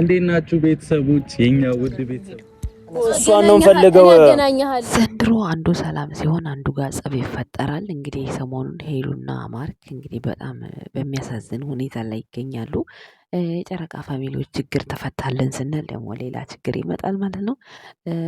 እንዴት ናችሁ ቤተሰቦች? የኛ ውድ ቤተሰብ እሷን ነው ፈልገው። ዘንድሮ አንዱ ሰላም ሲሆን አንዱ ጋር ጸብ ይፈጠራል። እንግዲህ ሰሞኑን ሄሉና ማርክ እንግዲህ በጣም በሚያሳዝን ሁኔታ ላይ ይገኛሉ። የጨረቃ ፋሚሊዎች ችግር ተፈታልን ስንል ደግሞ ሌላ ችግር ይመጣል ማለት ነው።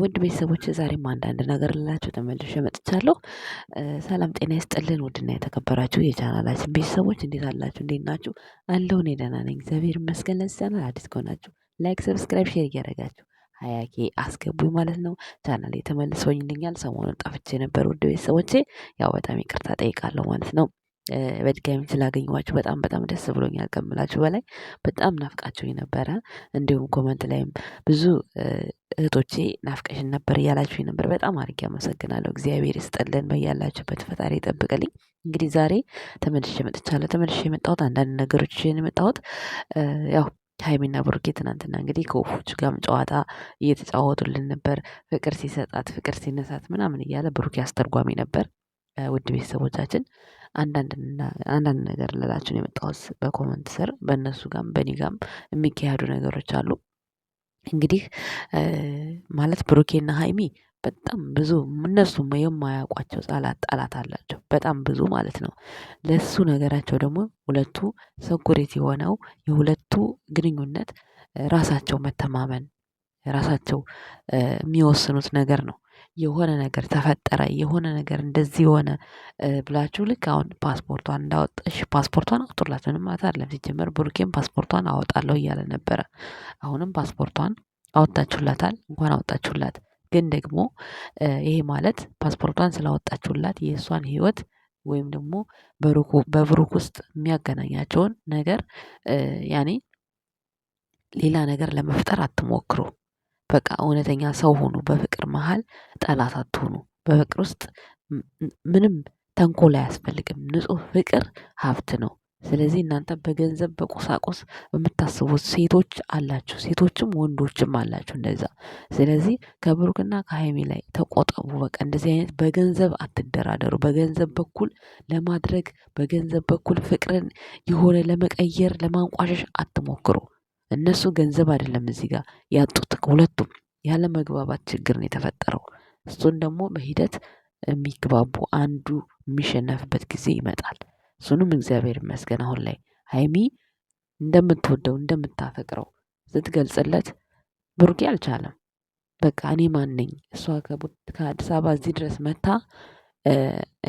ውድ ቤተሰቦች ዛሬም አንዳንድ ነገር ልላችሁ ተመልሼ መጥቻለሁ። ሰላም ጤና ይስጥልን ውድና የተከበራችሁ የቻናላችን ቤተሰቦች እንዴት አላችሁ እንዴት ናችሁ? አለሁ እኔ ደህና ነኝ እግዚአብሔር ይመስገን። ለዚህ ቻናል አዲስ ከሆናችሁ ላይክ ሰብስክራይብ ሼር እያደረጋችሁ ሀያኬ አስገቡኝ ማለት ነው። ቻናሌ ተመልሶልኛል ሰሞኑን ጠፍቼ ነበር ውድ ቤተሰቦቼ ያው በጣም ይቅርታ ጠይቃለሁ ማለት ነው። በድጋሚ ስላገኘኋችሁ በጣም በጣም ደስ ብሎኛል ከምላችሁ በላይ በጣም ናፍቃችሁኝ ነበረ። እንዲሁም ኮመንት ላይም ብዙ እህቶቼ ናፍቀሽን ነበር እያላችሁኝ ነበር። በጣም አድርጌ አመሰግናለሁ። እግዚአብሔር ይስጠልን፣ በያላችሁበት ፈጣሪ ይጠብቅልኝ። እንግዲህ ዛሬ ተመልሼ መጥቻለሁ። ተመልሼ የመጣሁት አንዳንድ ነገሮች የመጣሁት ያው ሀይሚና ብሩኬ ትናንትና እንግዲህ ከወፎች ጋም ጨዋታ እየተጫወቱልን ነበር። ፍቅር ሲሰጣት ፍቅር ሲነሳት ምናምን እያለ ብሩኬ አስተርጓሚ ነበር። ውድ ቤተሰቦቻችን አንዳንድ ነገር ልላችሁ ነው የመጣሁት በኮመንት ስር በእነሱ ጋም በእኔ ጋም የሚካሄዱ ነገሮች አሉ። እንግዲህ ማለት ብሩኬና ሀይሚ በጣም ብዙ እነሱ የማያውቋቸው ጣላት ጣላት አላቸው በጣም ብዙ ማለት ነው። ለሱ ነገራቸው ደግሞ ሁለቱ ሰጉሬት የሆነው የሁለቱ ግንኙነት ራሳቸው መተማመን ራሳቸው የሚወስኑት ነገር ነው። የሆነ ነገር ተፈጠረ የሆነ ነገር እንደዚህ የሆነ ብላችሁ ልክ አሁን ፓስፖርቷን እንዳወጣሽ ፓስፖርቷን አውጡላት። ምንም ማለት አይደለም ሲጀመር ብሩኬም ፓስፖርቷን አወጣለሁ እያለ ነበረ። አሁንም ፓስፖርቷን አወጣችሁላታል እንኳን አወጣችሁላት። ግን ደግሞ ይሄ ማለት ፓስፖርቷን ስላወጣችሁላት የእሷን ህይወት ወይም ደግሞ በብሩክ ውስጥ የሚያገናኛቸውን ነገር ያኔ ሌላ ነገር ለመፍጠር አትሞክሩ። በቃ እውነተኛ ሰው ሆኑ በፍቅር መሃል ጠላት አትሆኑ። በፍቅር ውስጥ ምንም ተንኮል አያስፈልግም። ንጹህ ፍቅር ሀብት ነው። ስለዚህ እናንተ በገንዘብ በቁሳቁስ በምታስቡት ሴቶች አላችሁ፣ ሴቶችም ወንዶችም አላችሁ እንደዛ። ስለዚህ ከብሩክና ከሀይሚ ላይ ተቆጠቡ። በቃ እንደዚህ አይነት በገንዘብ አትደራደሩ። በገንዘብ በኩል ለማድረግ በገንዘብ በኩል ፍቅርን የሆነ ለመቀየር ለማንቋሸሽ አትሞክሩ። እነሱ ገንዘብ አይደለም እዚህ ጋር ያጡት ሁለቱም ያለ መግባባት ችግር ነው የተፈጠረው። እሱን ደግሞ በሂደት የሚግባቡ አንዱ የሚሸነፍበት ጊዜ ይመጣል። እሱንም እግዚአብሔር ይመስገን አሁን ላይ ሀይሚ እንደምትወደው እንደምታፈቅረው ስትገልጽለት ብሩኬ አልቻለም። በቃ እኔ ማን ነኝ? እሷ ከአዲስ አበባ እዚህ ድረስ መታ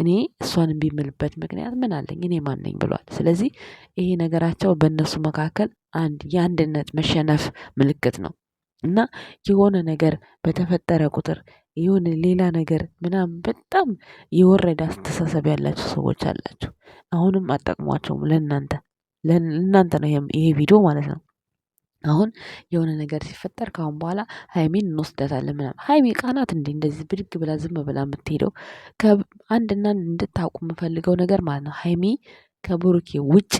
እኔ እሷን ቢምልበት ምክንያት ምን አለኝ? እኔ ማን ነኝ ብሏል። ስለዚህ ይሄ ነገራቸው በእነሱ መካከል አንድ የአንድነት መሸነፍ ምልክት ነው እና የሆነ ነገር በተፈጠረ ቁጥር የሆነ ሌላ ነገር ምናምን በጣም የወረደ አስተሳሰብ ያላቸው ሰዎች አላችሁ። አሁንም አጠቅሟቸውም ለእናንተ ለእናንተ ነው ይሄ ቪዲዮ ማለት ነው። አሁን የሆነ ነገር ሲፈጠር ከአሁን በኋላ ሀይሚን እንወስዳታለን ምናምን ሀይሚ ቃናት እንዲ እንደዚህ ብድግ ብላ ዝም ብላ የምትሄደው ከአንድና እንድታውቁ የምፈልገው ነገር ማለት ነው። ሀይሚ ከብሩኬ ውጪ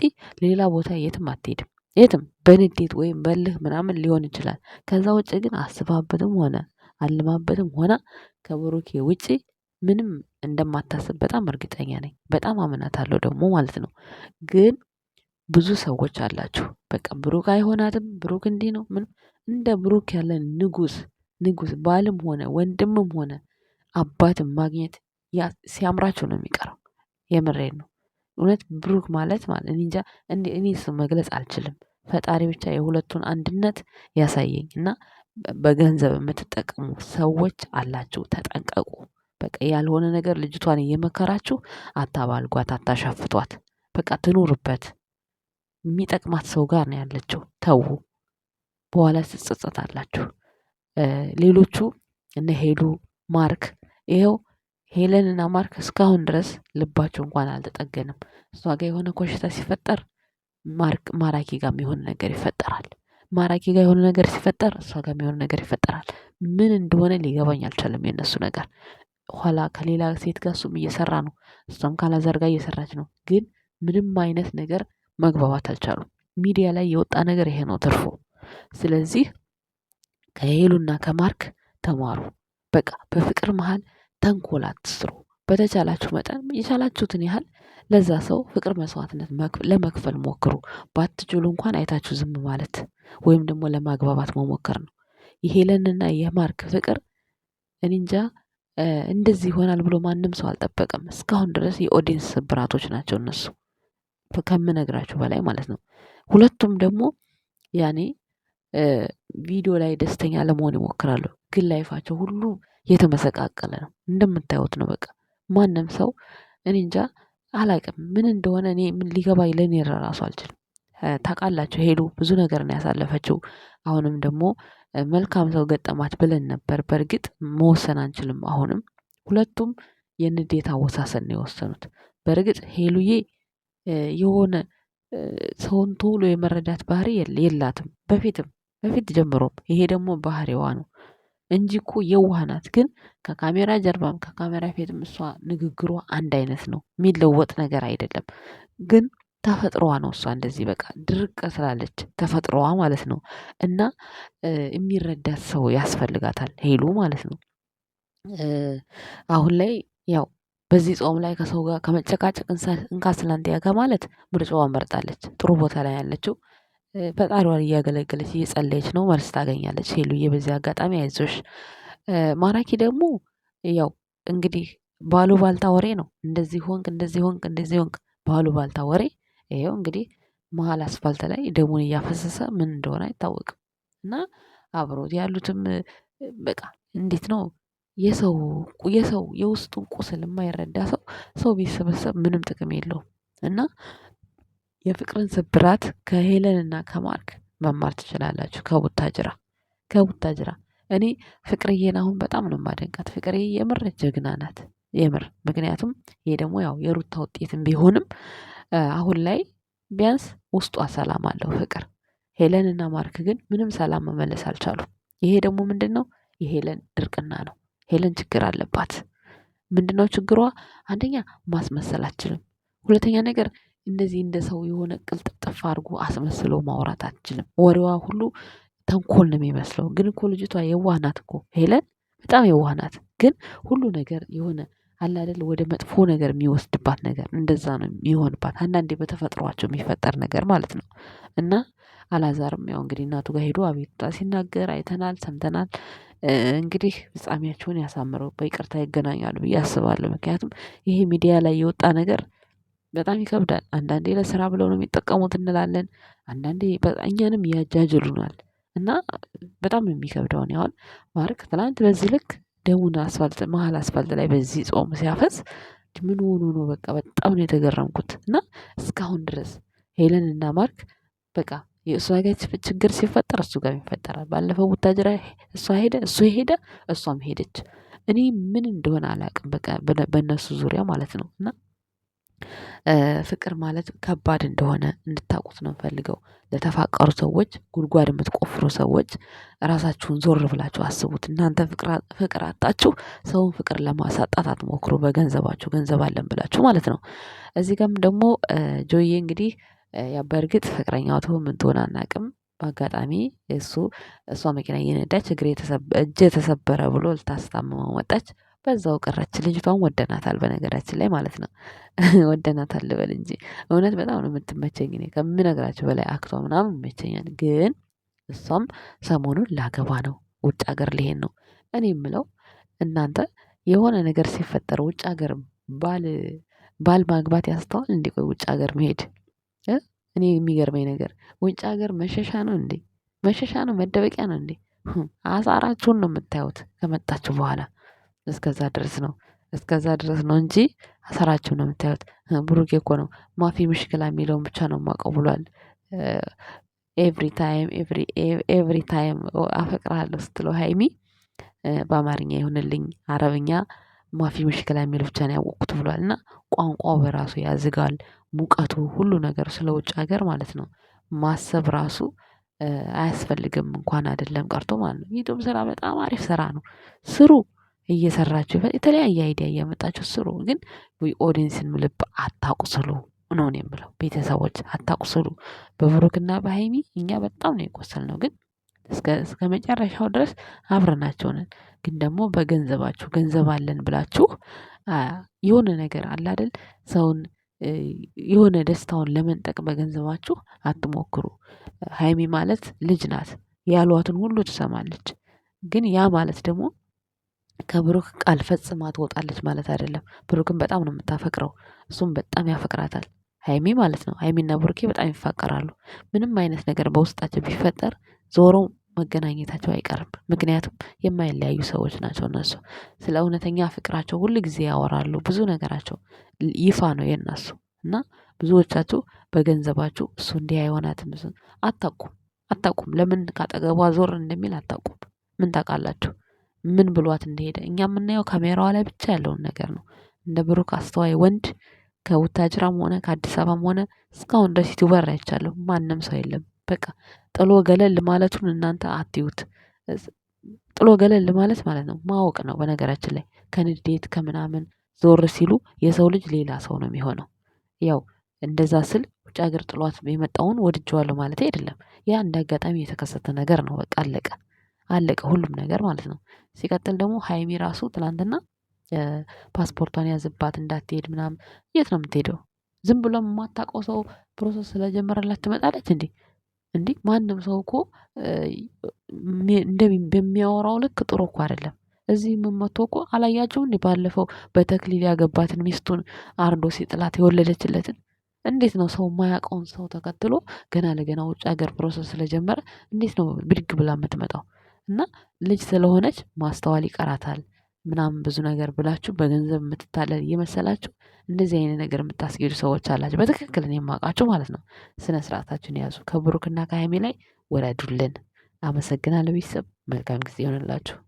ሌላ ቦታ የትም አትሄድም። የትም በንዴት ወይም በልህ ምናምን ሊሆን ይችላል። ከዛ ውጭ ግን አስባበትም ሆነ አልማበትም ሆና ከብሩኬ ውጪ ምንም እንደማታስብ በጣም እርግጠኛ ነኝ በጣም አምናታለሁ ደግሞ ማለት ነው። ግን ብዙ ሰዎች አላችሁ በቃ ብሩክ አይሆናትም ብሩክ እንዲህ ነው ምንም እንደ ብሩክ ያለ ንጉስ ንጉስ ባልም ሆነ ወንድምም ሆነ አባትም ማግኘት ሲያምራችሁ ነው የሚቀረው። የምሬን ነው እውነት ብሩክ ማለት ማለት እኔ እንጃ እኔ እሱን መግለጽ አልችልም። ፈጣሪ ብቻ የሁለቱን አንድነት ያሳየኝ እና በገንዘብ የምትጠቀሙ ሰዎች አላችሁ ተጠንቀቁ። በቃ ያልሆነ ነገር ልጅቷን እየመከራችሁ አታባልጓት አታሻፍቷት። በቃ ትኑርበት። የሚጠቅማት ሰው ጋር ነው ያለችው ተዉ፣ በኋላ ትጸጸታላችሁ። ሌሎቹ እነ ሄሉ ማርክ ይኸው ሄለንና ማርክ እስካሁን ድረስ ልባቸው እንኳን አልተጠገንም። እሷ ጋር የሆነ ኮሽታ ሲፈጠር ማርክ ማራኪ ጋር የሆነ ነገር ይፈጠራል። ማራኪ ጋር የሆነ ነገር ሲፈጠር እሷ ጋር የሆነ ነገር ይፈጠራል። ምን እንደሆነ ሊገባኝ አልቻለም። የእነሱ ነገር ኋላ ከሌላ ሴት ጋር እሱም እየሰራ ነው፣ እሷም ካላዛር ጋር እየሰራች ነው። ግን ምንም አይነት ነገር መግባባት አልቻሉም። ሚዲያ ላይ የወጣ ነገር ይሄ ነው ትርፎ ስለዚህ ከሄሉና ከማርክ ተማሩ። በቃ በፍቅር መሀል ተንኮል አትስሩ። በተቻላችሁ መጠን የቻላችሁትን ያህል ለዛ ሰው ፍቅር መስዋዕትነት ለመክፈል ሞክሩ። ባትችሉ እንኳን አይታችሁ ዝም ማለት ወይም ደግሞ ለማግባባት መሞከር ነው። የሄለንና የማርክ ፍቅር እኔ እንጃ እንደዚህ ይሆናል ብሎ ማንም ሰው አልጠበቀም። እስካሁን ድረስ የኦዲንስ ብራቶች ናቸው እነሱ ከምነግራችሁ በላይ ማለት ነው። ሁለቱም ደግሞ ያኔ ቪዲዮ ላይ ደስተኛ ለመሆን ይሞክራሉ፣ ግን ላይፋቸው ሁሉ የተመሰቃቀለ ነው። እንደምታዩት ነው። በቃ ማንም ሰው እኔ እንጃ አላቅም ምን እንደሆነ እኔ ምን ሊገባ ለእኔ ራሱ አልችልም። ታውቃላችሁ ሄሉ ብዙ ነገር ነው ያሳለፈችው። አሁንም ደግሞ መልካም ሰው ገጠማት ብለን ነበር። በእርግጥ መወሰን አንችልም። አሁንም ሁለቱም የንዴት አወሳሰን ነው የወሰኑት። በእርግጥ ሄሉዬ የሆነ ሰውን ቶሎ የመረዳት ባህሪ የላትም። በፊትም በፊት ጀምሮም ይሄ ደግሞ ባህሪዋ ነው እንጂ እኮ የዋህ ናት። ግን ከካሜራ ጀርባም ከካሜራ ፊትም እሷ ንግግሯ አንድ አይነት ነው፣ የሚለወጥ ነገር አይደለም። ግን ተፈጥሮዋ ነው እሷ እንደዚህ በቃ ድርቅ ስላለች ተፈጥሮዋ ማለት ነው። እና የሚረዳት ሰው ያስፈልጋታል ሄሉ ማለት ነው። አሁን ላይ ያው በዚህ ጾም ላይ ከሰው ጋር ከመጨቃጨቅ እንካ ስላንትያ ማለት ምርጫዋ መርጣለች። ጥሩ ቦታ ላይ ያለችው ፈጣሪዋን እያገለገለች እየጸለየች ነው መልስ ታገኛለች። ሄሉዬ በዚህ አጋጣሚ አይዞሽ። ማራኪ ደግሞ ያው እንግዲህ ባሉ ባልታ ወሬ ነው እንደዚህ ሆንክ እንደዚህ ሆንክ እንደዚህ ሆንክ ባሉ ባልታ ወሬ ይኸው እንግዲህ መሀል አስፋልት ላይ ደሙን እያፈሰሰ ምን እንደሆነ አይታወቅም። እና አብሮት ያሉትም በቃ እንዴት ነው የሰው የሰው የውስጡን ቁስል የማይረዳ ሰው ሰው ቢሰበሰብ ምንም ጥቅም የለውም እና የፍቅርን ስብራት ከሄለን እና ከማርክ መማር ትችላላችሁ። ከቡታጅራ ከቡታጅራ እኔ ፍቅርዬን አሁን በጣም ነው የማደንቃት። ፍቅርዬ የምር ጀግና ናት የምር ምክንያቱም ይሄ ደግሞ ያው የሩታ ውጤትም ቢሆንም አሁን ላይ ቢያንስ ውስጧ ሰላም አለው ፍቅር። ሄለን እና ማርክ ግን ምንም ሰላም መመለስ አልቻሉም። ይሄ ደግሞ ምንድን ነው? የሄለን ድርቅና ነው። ሄለን ችግር አለባት። ምንድን ነው ችግሯ? አንደኛ ማስመሰል አችልም። ሁለተኛ ነገር እንደዚህ እንደ ሰው የሆነ ቅልጥፍጥፍ አድርጎ አስመስሎ ማውራት አትችልም። ወሬዋ ሁሉ ተንኮል ነው የሚመስለው። ግን እኮ ልጅቷ የዋህ ናት እኮ ሄለን በጣም የዋህ ናት። ግን ሁሉ ነገር የሆነ አላደል ወደ መጥፎ ነገር የሚወስድባት ነገር እንደዛ ነው የሚሆንባት። አንዳንዴ በተፈጥሯቸው የሚፈጠር ነገር ማለት ነው። እና አላዛርም ያው እንግዲህ እናቱ ጋር ሄዶ አቤቱታ ሲናገር አይተናል ሰምተናል። እንግዲህ ፍጻሜያቸውን ያሳምረው በይቅርታ ይገናኛሉ ብዬ አስባለሁ። ምክንያቱም ይሄ ሚዲያ ላይ የወጣ ነገር በጣም ይከብዳል። አንዳንዴ ለስራ ብለው ነው የሚጠቀሙት እንላለን አንዳንዴ እኛንም ያጃጅሉናል። እና በጣም ነው የሚከብደው። እኔ አሁን ማርክ ትላንት በዚህ ልክ ደሙን አስፋልት መሀል አስፋልት ላይ በዚህ ጾም ሲያፈስ ምን ሆኖ ነው በቃ በጣም ነው የተገረምኩት። እና እስካሁን ድረስ ሄለን እና ማርክ በቃ የእሷ ጋር ችግር ሲፈጠር እሱ ጋር ይፈጠራል። ባለፈው ቡታጅራ እሷ ሄደ እሱ ሄደ እሷም ሄደች። እኔ ምን እንደሆነ አላውቅም። በቃ በእነሱ ዙሪያ ማለት ነው እና ፍቅር ማለት ከባድ እንደሆነ እንድታውቁት ነው ፈልገው ለተፋቀሩ ሰዎች ጉድጓድ የምትቆፍሩ ሰዎች ራሳችሁን ዞር ብላችሁ አስቡት እናንተ ፍቅር አጣችሁ ሰውን ፍቅር ለማሳጣት አትሞክሩ በገንዘባችሁ ገንዘብ አለን ብላችሁ ማለት ነው። እዚህ ጋም ደግሞ ጆዬ እንግዲህ ያው በእርግጥ ፍቅረኛው ትሁን ምን ትሆን በአጋጣሚ እሱ እሷ መኪና እየነዳች እጅ የተሰበረ ተሰበረ ብሎ ልታስታምመው መጣች በዛው ቀረች። ልጅቷን ወደናታል በነገራችን ላይ ማለት ነው። ወደናታል ልበል እንጂ እውነት በጣም ነው የምትመቸኝ። እኔ ከምነግራችሁ በላይ አክቷ ምናምን ይመቸኛል። ግን እሷም ሰሞኑን ላገባ ነው፣ ውጭ ሀገር ልሄድ ነው። እኔ የምለው እናንተ የሆነ ነገር ሲፈጠር ውጭ ሀገር ባል ባል ማግባት ያስተዋል እንዴ? ቆይ ውጭ ሀገር መሄድ እኔ የሚገርመኝ ነገር ውጭ ሀገር መሸሻ ነው እንዴ? መሸሻ ነው፣ መደበቂያ ነው እንዴ? አሳራችሁን ነው የምታዩት ከመጣችሁ በኋላ። እስከዛ ድረስ ነው እስከዛ ድረስ ነው እንጂ አሰራችሁ ነው የምታዩት። ብሩኬ እኮ ነው ማፊ ምሽክላ የሚለውን ብቻ ነው የማውቀው ብሏል። ኤቭሪ ታይም ኤቭሪ ኤቭሪ ታይም አፈቅርሃለሁ ስትለው ሀይሚ በአማርኛ ይሁንልኝ አረብኛ ማፊ ምሽክላ የሚለው ብቻ ነው ያወቅኩት ብሏል። እና ቋንቋው በራሱ ያዝጋል፣ ሙቀቱ፣ ሁሉ ነገር ስለ ውጭ ሀገር ማለት ነው ማሰብ ራሱ አያስፈልግም እንኳን አይደለም ቀርቶ ማለት ነው። የኢትዮጵያ ስራ በጣም አሪፍ ስራ ነው። ስሩ እየሰራችሁ የተለያየ አይዲያ እያመጣችሁ ስሩ። ግን ኦዲንስን ልብ አታቁስሉ ነው ነው የምለው። ቤተሰቦች አታቁስሉ። በብሩክና በሀይሚ እኛ በጣም ነው ነው። ግን እስከ መጨረሻው ድረስ አብረናቸው ነን። ግን ደግሞ በገንዘባችሁ ገንዘብ አለን ብላችሁ የሆነ ነገር አለ አይደል ሰውን የሆነ ደስታውን ለመንጠቅ በገንዘባችሁ አትሞክሩ። ሀይሚ ማለት ልጅ ናት፣ ያሏትን ሁሉ ትሰማለች። ግን ያ ማለት ደግሞ ከብሩክ ቃል ፈጽማ ትወጣለች ማለት አይደለም። ብሩክን በጣም ነው የምታፈቅረው፣ እሱም በጣም ያፈቅራታል ሀይሚ ማለት ነው። ሀይሚና ብሩኬ በጣም ይፋቀራሉ። ምንም አይነት ነገር በውስጣቸው ቢፈጠር ዞሮ መገናኘታቸው አይቀርም። ምክንያቱም የማይለያዩ ሰዎች ናቸው እነሱ። ስለ እውነተኛ ፍቅራቸው ሁሉ ጊዜ ያወራሉ። ብዙ ነገራቸው ይፋ ነው የእነሱ እና ብዙዎቻችሁ በገንዘባችሁ እሱ እንዲህ አይሆናትም አታቁም አታቁም። ለምን ካጠገቧ ዞር እንደሚል አታቁም። ምን ታውቃላችሁ? ምን ብሏት እንደሄደ እኛ የምናየው ካሜራዋ ላይ ብቻ ያለውን ነገር ነው። እንደ ብሩክ አስተዋይ ወንድ ከውታጅራም ሆነ ከአዲስ አበባም ሆነ እስካሁን ድረስ ዩቲዩበር አይቻለሁ ማንም ሰው የለም። በቃ ጥሎ ገለል ማለቱን እናንተ አትዩት። ጥሎ ገለል ማለት ማለት ነው ማወቅ ነው። በነገራችን ላይ ከንዴት ከምናምን ዞር ሲሉ የሰው ልጅ ሌላ ሰው ነው የሚሆነው። ያው እንደዛ ስል ውጭ ሀገር ጥሏት የመጣውን ወድጄዋለሁ ማለት አይደለም ያ እንደ አጋጣሚ የተከሰተ ነገር ነው። በቃ አለቀ አለቀ ሁሉም ነገር ማለት ነው። ሲቀጥል ደግሞ ሀይሚ ራሱ ትላንትና ፓስፖርቷን ያዝባት እንዳትሄድ ምናምን የት ነው የምትሄደው? ዝም ብሎ የማታውቀው ሰው ፕሮሰስ ስለጀመረላት ትመጣለች እንዴ? እንዴ ማንም ሰው እኮ በሚያወራው ልክ ጥሩ እኮ አይደለም። እዚህ የምመቶ እኮ አላያቸው እንዴ? ባለፈው በተክሊል ያገባትን ሚስቱን አርዶ ሲጥላት የወለደችለትን እንዴት ነው ሰው የማያውቀውን ሰው ተከትሎ ገና ለገና ውጭ ሀገር ፕሮሰስ ስለጀመረ እንዴት ነው ብድግ ብላ የምትመጣው? እና ልጅ ስለሆነች ማስተዋል ይቀራታል ምናምን ብዙ ነገር ብላችሁ በገንዘብ የምትታለል እየመሰላችሁ እንደዚህ አይነት ነገር የምታስጌዱ ሰዎች አላችሁ። በትክክል እኔ የማውቃችሁ ማለት ነው። ስነ ስርዓታችሁን የያዙ ከብሩክና ከሀይሚ ላይ ወረዱልን። አመሰግናለሁ ቤተሰብ። መልካም ጊዜ ይሆንላችሁ።